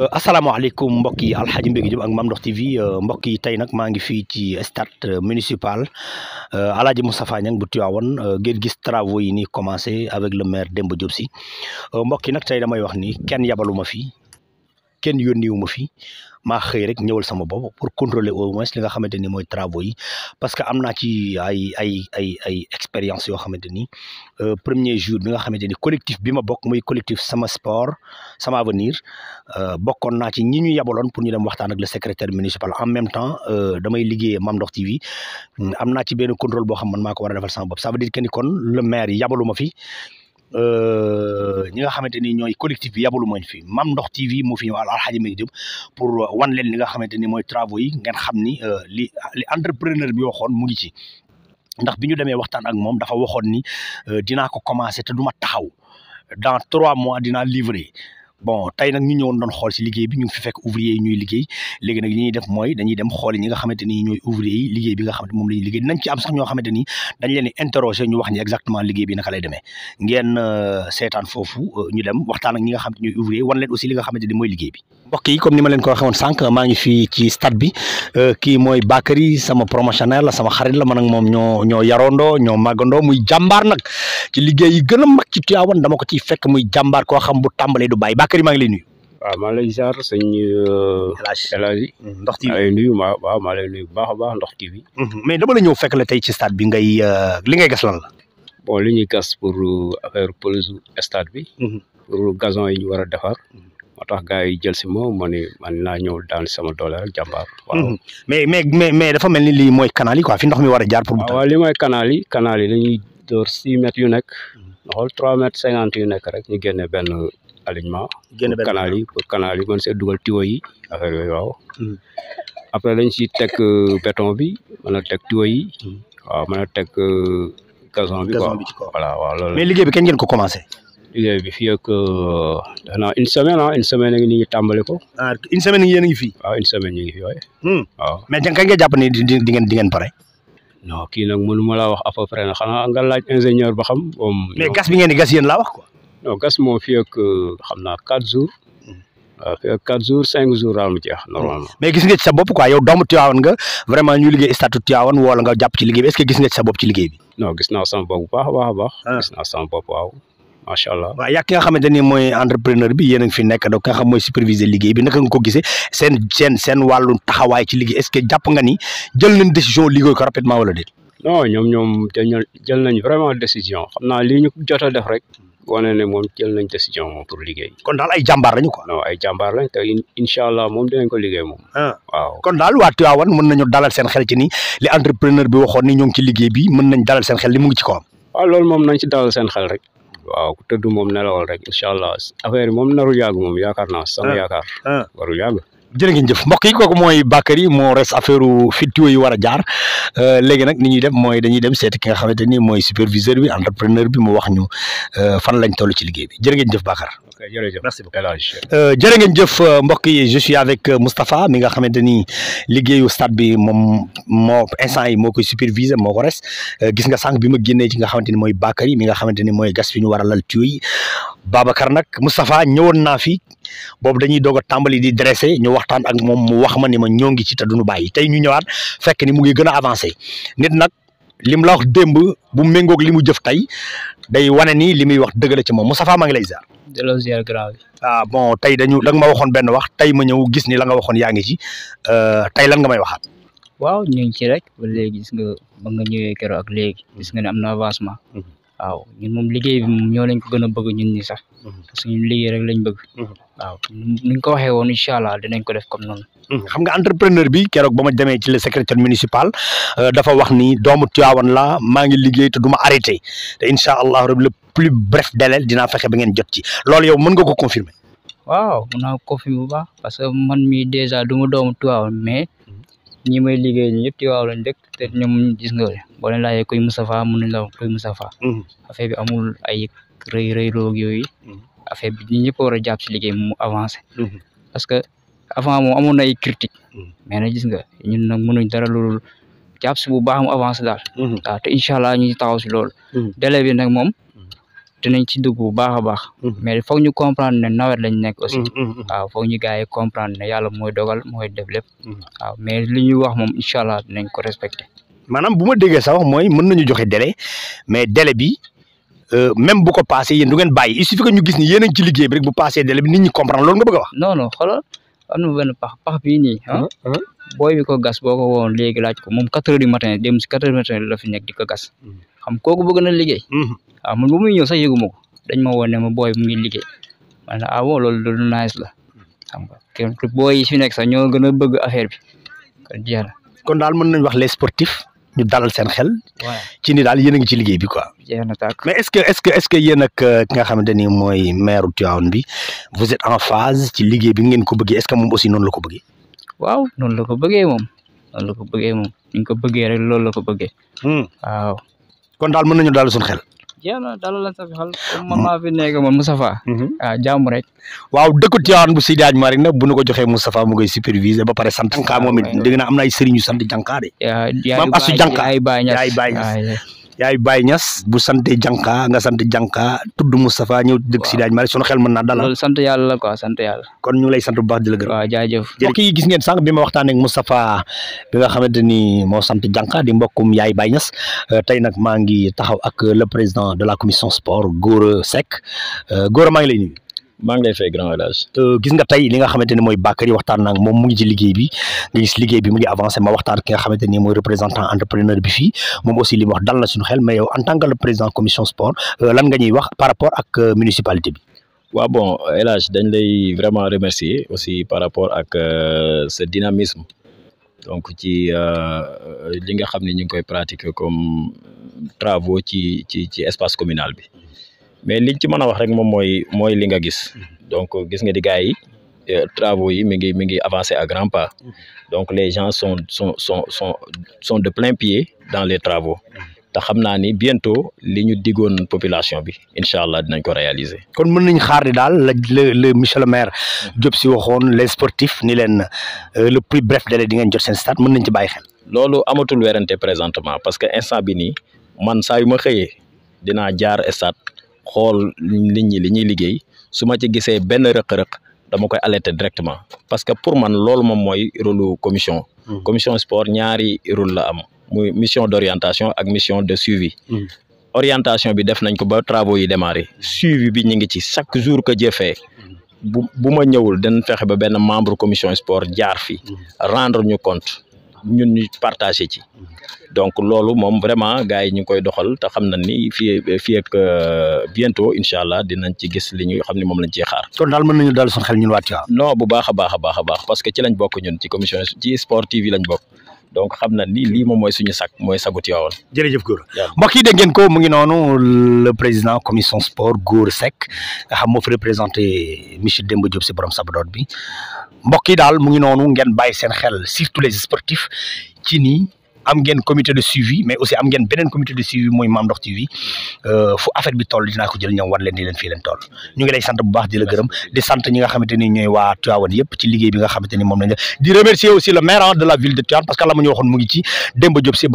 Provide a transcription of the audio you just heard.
Euh, asalaamaaleykum mbokk yi alxaaji Mbégi Jóob ak Mame Ndokh TV euh, mbokk yi tey nag maa ngi fii ci stade euh, municipal alaaji Moustapha Niang bu Tiwaawoon ngeen gis travaux yi ni commencé avec le maire Demba Diop si mbokki yi nag tey damay wax ni kenn yabaluma fi kenn wu ma fi ma xëy rek ñëwal sama boob pour contrôler au moins li nga xamante ni mooy travaux yi parce que am naa ci ay ay ay ay expérience yoo xamante ni euh, premier jour bi nga xamante ni collectif bi ma bokk muy collectif sama sport sama avenir euh, bokkoon naa ci ñi ñu yabaloon pour ñu dem waxtaan ak le secrétaire municipal en même temps euh, damay liggéey Mame Ndokh TV am naa ci benn contrôle boo xam man maa ko war a defal sama bopp ça dire que kon le maire ma fi Euh, ñi nga xamante ni ñooy collectif bi yabalu mañ fi Mame Ndokh TV moo fi ñëw Alxaaji Mbaye Diop pour wan leen li nga xamante ni mooy travaux yi ngeen xam ni euh, li li entrepreneur bi waxoon mu ngi ci ndax bi ñu demee waxtaan ak moom dafa waxoon ni euh, dinaa ko commencer te duma taxaw dans trois mois dinaa livrer bon tey nag ñu ñëwoon doon xool si liggéey bi ñu ngi fi fekk ouvrier yi ñuy liggéey léegi nag li ñuy def mooy dañuy dem xool ñi xamante ni ñooy ouvrier yi liggéey bi nga xamante moom la ñuy liggéey dinañ ci am sax ñoo xamante ni dañ leen di interroger ñu wax ñi exactement liggéey bi naka lay euh, seetaan foofu euh, ñu dem waxtaan ak ñi nga xamante ñooy ouvrier yi wan leen aussi li nga xamante ni mooy liggéey bi mbokk yi comme ni ma maa ngi fii ci stade bi euh, kii mooy Bakary sama promotionnaire la sama xarit la ma ak moom ñoo ñoo yarondoo ñoo màggandoo muy jàmbaar nag ci liggéey yi gën a mag ci Tivaouane dama ko ciy fekk muy jàmbaar koo xam bu tàmbalee du bàyyi Bakary maa ngi lay nuyu. waaw maa lay euh, mm, ma waaw maa lay nuyu bu baax a baax Ndox TV. Mm-hmm. mais dama la ñëw la tey ci stade bi ngay euh, li ngay gas lan la. bon li ñuy gas pour euh, affaire pelouse stade bi. Mm-hmm. pour gazon yi ñu war a defar. moo tax gars yi jël si ma ma ne naa ñëw daan sama doole rek jàmbaar. waaw mm-hmm. mais mais mais dafa mel ni lii mooy canal yi quoi fi ndox mi war a jaar pour. waaw waaw lii mooy canal yi canal yi dañuy six mètres yu nekk. nga trois mètres cinquante yu nekk rek ñu génne benn. alignement. génn benn canal yi pour canal yi mën see dugal tuyau yi hmm. après dañ ciy teg euh, béton bi mën a teg tuyau yi. Hmm. waaw a teg euh, gazon bi. gazon bi ci kaw voilà waaw loolu mais liggéey bi kañ ngeen ko commencé. liggéey bi fii ak xanaa euh, une semaine ah une semaine ngi ko. ah une semaine a fi waaye. Hmm. waaw mais kañ nga di di ngeen di ngeen pare. non kii nag mënu ma wax à peu près nag xanaa nga laaj ingénieur gas bi ngeen di gas wax non gas moom fii ak euh, xam naa quatre jours. Hmm. waaw fii ak quatre jours cinq jours daal mu jeex normalement. Hmm. mais gis nga ci sa bopp quoi yow doomu Tivaouane nga vraiment ñu liggéey statut Tivaouane woo la nga jàpp ci liggéey bi est-ce que gis nga ci sa bopp ci liggéey bi. non gis naa sama bopp bu baax a baax a baax. Ah. gis naa sama bopp waaw. macha allah waaw nga xamante ni mooy entrepreneur bi yéen a fi nekk donc ki nga xam mooy superviser liggéey bi naka nga ko gisee seen seen seen taxawaay ci liggéey est-ce que jàpp nga ni jël nañ décision liggéey ko rapidement wala déet. nañ vraiment décision xam naa lii ñu jot a rek hmm. wane ne moom jël nañ décision moom pour liggéey. kon daal ay jàmbaar lañu quoi. ay jàmbaar lañ te incha allah moom dinañ ko liggéey moom. Ah. waaw kon daal waa Tivaouane mën nañu dalal seen xel ci ni li entrepreneur bi waxoon ni ñoo ngi ci liggéey bi mën nañ dalal seen xel li mu ngi ci kawam. waaw loolu moom nañ ci dalal seen xel rek. waaw ku tëdd moom nelawal rek incha allah affaire yi moom narul yàgg moom yaakaar na sama ah. yaakaar. Ah. warul yàgg. jërë ngeen jëf mbokk yi kooku mooy Bakary moo res affaire fi tuyau yi war a jaar euh, léegi nag ni ñuy dem mooy dañuy dem seet ki nga xamante ni mooy superviseur bi entrepreneur bi mu wax ñu euh, fan lañ toll ci liggéey bi jërë ngeen jëf Bakar jërëjëf merci beaucoup El Hadj euh, jërë jëf euh, mbokk yi je suis avec euh, Moustapha mi nga xamante ni liggéeyu stade bi moom moo instant yi moo koy superviser moo ko res gis nga sànq bi ma génnee ci nga xamante ni mooy Bakary mi nga xamante ni mooy gas fi ñu war a lal tuyau yi Babacar nag Moustapha ñëwoon naa fi boobu dañuy doog a tàmbali di dressé ñu waxtaan ak moom mu wax ma ni ma ñoo ngi ci te duñu bàyyi tey ñu ñëwaat fekk ni mu ngi gën a avancé nit nag lim la wax démb bu méngoog li mu jëf tey day wane ni li muy wax dëgg la ci moom Moustapha maa ngi lay ziar. delloo ziar ah bon tey dañu la ma waxoon benn wax tey ma ñëw gis ni la nga waxoon yaa ngi ci euh, tey lan nga may waxaat. waaw ñu ngi ci rek léegi gis nga nga ñëwee keroog ak léegi gis nga ne am na avancement. Mhm. waaw ñun moom liggéey bi moom ñoo lañ ko gën a bëgg ñun ñi sax mhm. parce que ñun liggéey rek lañ bëgg mhm. waaw ko waxee woon incha dinañ ko def comme noonu mhm. xam nga entrepreneur bi keroog ba ma demee ci le secrétaire municipal euh, dafa wax ni doomu Tiwaawan la maa ngi liggéey te du ma te incha allah le plus bref délai dinaa fexe ba ngeen jot ci loolu yow mën nga ko confirmer waaw mën naa ko confirmer man mi dèjà du doomu Tiwaawan mais ñi may liggéey ñu ñëpp Tiwaawan lañ dëkk te ñoom gis nga boo leen laajee kuy Moustapha mën nañ la kuy mm-hmm. affaire bi amul ay rëy rëy loog yooyu mm-hmm. affaire bi ñi ñëpp war a jàpp si liggéey mu avancé mm-hmm. parce que avant moom amoon na ay critique mais na gis nga ñun nag mënuñ dara loolu jàpp si bu baax mu avancé daal ah, te incha allah ñu ngi taxaw si bi nag moom dinañ ci dugg bu baax a baax mhm. mais foog ñu comprendre ne nawet lañ nekk aussi mhm, mhm, waaw foog ñu gars yi comprendre ne yàlla mooy dogal mooy def lépp waaw mais li ñuy wax moom incha allah dinañ ko respecté maanaam bu ma déggee sa wax mooy mën nañu joxe délai mais dele bi euh, même bu ko passé yéen du ngeen il suffit que ñu gis ni yéen a ngi ci liggéey bi rek bu passé délai bi nit ñi comprendre nga bëgg a wax non non xoolal am na benn pax pax bii nii ah. gas boo ko woon léegi laaj ko moom quatre heures du matin dem si la fi nekk di ko gas xam kooku bëgg na liggéey waaw mhm. ah, man bu muy ñëw sax yëguma dañ ma woon ne ma booy mu ngi liggéey man la ah loolu loolu nice la xam nga kenn booy yi fi nekk sax ñoo gën a bëgg affaire bi kon jeex kon daal mën nañ wax les sportifs ñu dalal seen xel ci daal yéen a ngi ci liggéey bi quoi mais est-ce que est-ce que est-ce que yéen ak euh, ki nga xamante ni mooy maire Tivaouane bi vous en phase ci liggéey bi ngeen ko bëggee est-ce que moom aussi noonu la ko bëggee waaw noonu la ko bëggee moom noonu ko bëggee moom ñu ko bëggee rek loolu la ko bëggee hmm. kon daal mën nañu daal suñu xel. sa xel comme man maa fi nekk man Moustapha. Mhm. ah jàmm rek. waaw dëkku Tivaouane bu Seydi Hadji Malick nag bu nu ko joxee Moustapha mu ngay superviser ba pare sant Janka moom it ah, dégg naa am na ay sëriñ yu sant Janka de. yaa yaa yu baay yaa yu baay yaay Baye Niass bu sant Janka nga sant Janka tudd Moustapha ñëw dëkk si daaj mari sunu xel man na dalal loolu sant yàlla la quoi sant yàlla kon ñu lay sant bu baax di la gërëm waaw jaajëf mbokk yi gis ngeen sànq bi ma waxtaanee ak Moustapha bi nga xamante ni moo sant Janka di mbokkum yaay Baye Niass euh, tey nag maa ngi taxaw ak le président de la commission sport Gora Seck euh, Gora maa ngi lay nuyu maa ngi lay fay grand village. Euh, gis nga tey li nga xamante ne mooy Bakary waxtaan naa moom mu ngi ci liggéey bi nga gis liggéey bi mu ngi avancé ma waxtaan ki nga xamante ni mooy représentant entrepreneur bi fii moom aussi li mu wax dal na suñu xel mais yow en tant que le président commission sport euh, lan nga ñuy wax par rapport ak euh, municipalité bi. waa bon El Hadj dañ lay vraiment remercier aussi par rapport ak ce dynamisme donc ci li nga xam ne ñu ngi koy pratiquer comme travaux ci ci ci espace communal bi. mais liñ ci mën a wax rek moom mooy mooy li nga gis donc gis nga di gars yi euh, travaux yi mi ngi mi ngi avancé à donc les gens sont sont sont sont de plein pied dans les travaux te xam naa ni bientôt li ñu diggoon population bi incha allah dinañ ko réaliser. kon mën nañ xaar di daal la le monsieur le maire Diop si waxoon les sportifs ni leen euh, le plus bref délai di ngeen jot seen stade mën nañ ci bàyyi xel. loolu amatul werante présentement parce que instant bi nii man saa yu ma xëyee dinaa jaar stade. xool nit ñi li ñuy liggéey su ma ci gisee benn rëq-rëq dama koy alerter directement parce que pour man loolu moom mooy rôle commission. Hmm. commission sport ñaari rôle la am muy mission d' orientation ak mission de suivi. Hmm. orientation bi def nañ ko ba travaux yi démarré suivi bi ñu ngi ci chaque jour que jëfee hmm. bu bu ma ñëwul dañ fexe ba benn membre commission sport jaar fi rendre ñu compte. ñun ñu partagé ci donc loolu moom vraiment gars yi ñu ngi koy doxal te xam na ni fii fii ak euh, bientôt incha allah dinañ ci gis li ñu xam ni moom lañ ciy xaar. kon daal mën nañu daal suñu xel ñun waat waaw. non bu baax a baax a baax a baax parce que ci lañ bokk ñun ci commission ci sportive yi lañ bokk. donc xam na ni lii moom mooy suñu sag mooy sagu Tivaouane. jërëjëf Gora mbokk yi dégg ko mu ngi noonu le président commission sport goor Seck nga xam moo fi représenté monsieur Demba Diop si borom sabadoot bi mbokk yi daal mu ngi noonu ngeen bàyyi seen xel surtout les sportifs ci nii am ngeen comité de suivi mais aussi am ngeen beneen comité de suivi mooy Mame Ndokh TV euh, fu affaire bi toll dinaa ko jël ñoom war leen di leen fii leen toll ñu ngi sant bu baax di la gërëm di sant ñi nga xamante ni ñooy waa Tivaouane yëpp ci liggéey bi nga xamante ni moom lañ di remercier aussi le maire de la ville de Tivaouane parce que la ma ñu waxoon mu ngi ci Demba Diop si